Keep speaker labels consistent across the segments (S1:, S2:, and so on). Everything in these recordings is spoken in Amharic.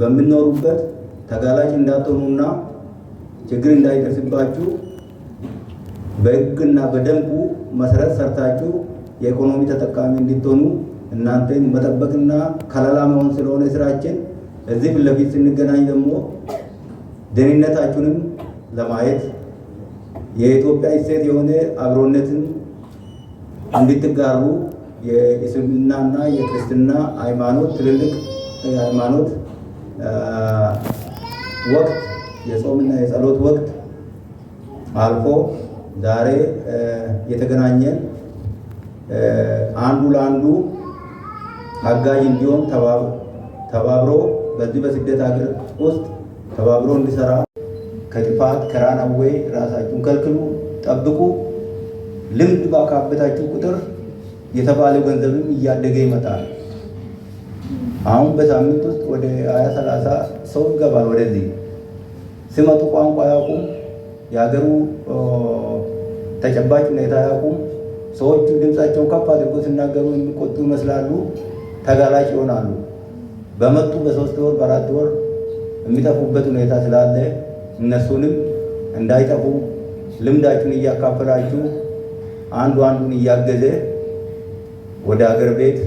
S1: በምኖሩበት ተጋላጭ እንዳትሆኑና ችግር እንዳይደርስባችሁ በህግና በደንቡ መሰረት ሰርታችሁ የኢኮኖሚ ተጠቃሚ እንድትሆኑ እናንተን መጠበቅና ከለላ መሆን ስለሆነ ስራችን። እዚህ ፊት ለፊት ስንገናኝ ደግሞ ደህንነታችሁንም ለማየት የኢትዮጵያ እሴት የሆነ አብሮነትን እንድትጋሩ የእስልምናና የክርስትና ሃይማኖት ትልልቅ ሃይማኖት ወቅት የጾምና የጸሎት ወቅት አልፎ ዛሬ የተገናኘን አንዱ ለአንዱ አጋዥ እንዲሆን ተባብሮ በዚህ በስደት ሀገር ውስጥ ተባብሮ እንዲሰራ ከጥፋት ከራን አዌ ራሳችሁን ከልክሉ፣ ጠብቁ። ልምድ ባካበታችሁ ቁጥር የተባለው ገንዘብም እያደገ ይመጣል። አሁን በሳምንት ውስጥ ወደ ሀያ ሰላሳ ሰው ይገባል። ወደዚህ ሲመጡ ቋንቋ አያውቁም፣ የሀገሩ ተጨባጭ ሁኔታ አያውቁም። ሰዎቹ ድምጻቸው ከፍ አድርጎ ሲናገሩ የሚቆጡ ይመስላሉ፣ ተጋላጭ ይሆናሉ። በመጡ በሶስት ወር በአራት ወር የሚጠፉበት ሁኔታ ስላለ እነሱንም እንዳይጠፉ ልምዳችሁን እያካፈላችሁ አንዱ አንዱን እያገዘ ወደ ሀገር ቤት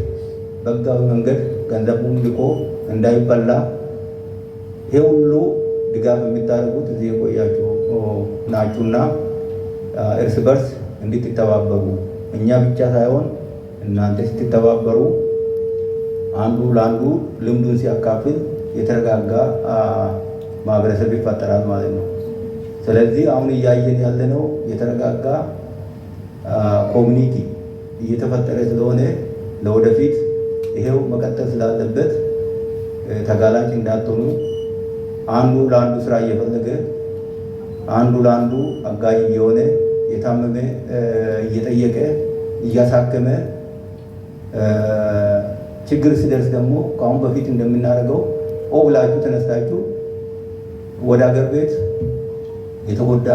S1: በህጋዊ መንገድ ገንዘቡም ልቆ እንዳይበላ ይሄ ሁሉ ድጋፍ የሚታደርጉት እዚህ የቆያችሁ ናችሁና እርስ በርስ እንድትተባበሩ እኛ ብቻ ሳይሆን እናንተ ስትተባበሩ አንዱ ለአንዱ ልምዱን ሲያካፍል የተረጋጋ ማህበረሰብ ይፈጠራል ማለት ነው። ስለዚህ አሁን እያየን ያለነው የተረጋጋ ኮሚኒቲ እየተፈጠረ ስለሆነ ለወደፊት ይሄው መቀጠል ስላለበት ተጋላጭ እንዳትሆኑ አንዱ ለአንዱ ስራ እየፈለገ አንዱ ለአንዱ አጋዥ እየሆነ የታመመ እየጠየቀ እያሳከመ ችግር ሲደርስ ደግሞ ከአሁን በፊት እንደምናደርገው ኦ ብላችሁ ተነስታችሁ ወደ አገር ቤት የተጎዳ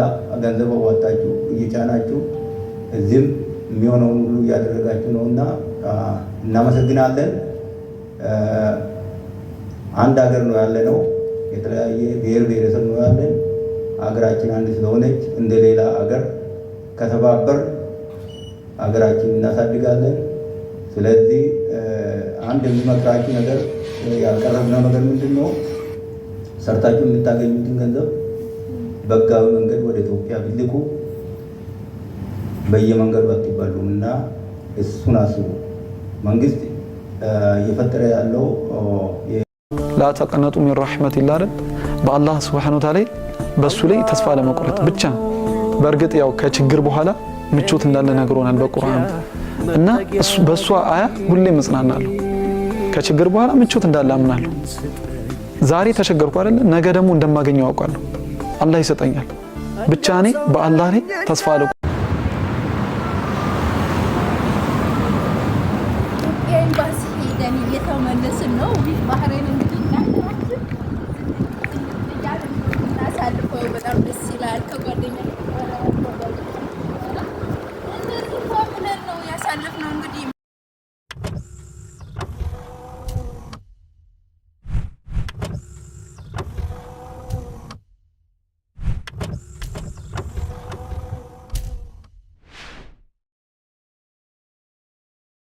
S1: ገንዘብ አዋጣችሁ እየጫናችሁ እዚህም የሚሆነውን ሁሉ እያደረጋችሁ ነው እና እናመሰግናለን። አንድ ሀገር ነው ያለ ነው። የተለያየ ብሔር ብሔረሰብ ነው ያለን። ሀገራችን አንድ ስለሆነች እንደ ሌላ ሀገር ከተባበር ሀገራችን እናሳድጋለን። ስለዚህ አንድ የሚመክራችሁ ነገር ያልቀረብነው ነገር ምንድን ነው? ሰርታችሁ የምታገኙትን ገንዘብ በጋዊ መንገድ ወደ ኢትዮጵያ ብልኩ በየመንገዱ አትባሉም እና እሱን አስቡ። መንግስት እየፈጠረ ያለው
S2: ላተቀነጡ ሚን ረሕመቲላህ አይደል? በአላህ ሱብሓነሁ ወተዓላ በእሱ ላይ ተስፋ ለመቁረጥ ብቻ። በእርግጥ ያው ከችግር በኋላ ምቾት እንዳለ ነግሮናል በቁርአን እና በእሷ አያ ሁሌ እጽናናለሁ። ከችግር በኋላ ምቾት እንዳለ አምናለሁ። ዛሬ ተቸገርኩ አይደለ? ነገ ደግሞ እንደማገኘው አውቃለሁ። አላህ ይሰጠኛል። ብቻ እኔ በአላህ ላይ ተስፋ አለ ኤምባሲ ሄደን እየተመለስን ነው። ይህ ባህሬን እንግዲህ እናንተራችን እናሳልፈው በጣም ደስ ይላል ከጓደኛ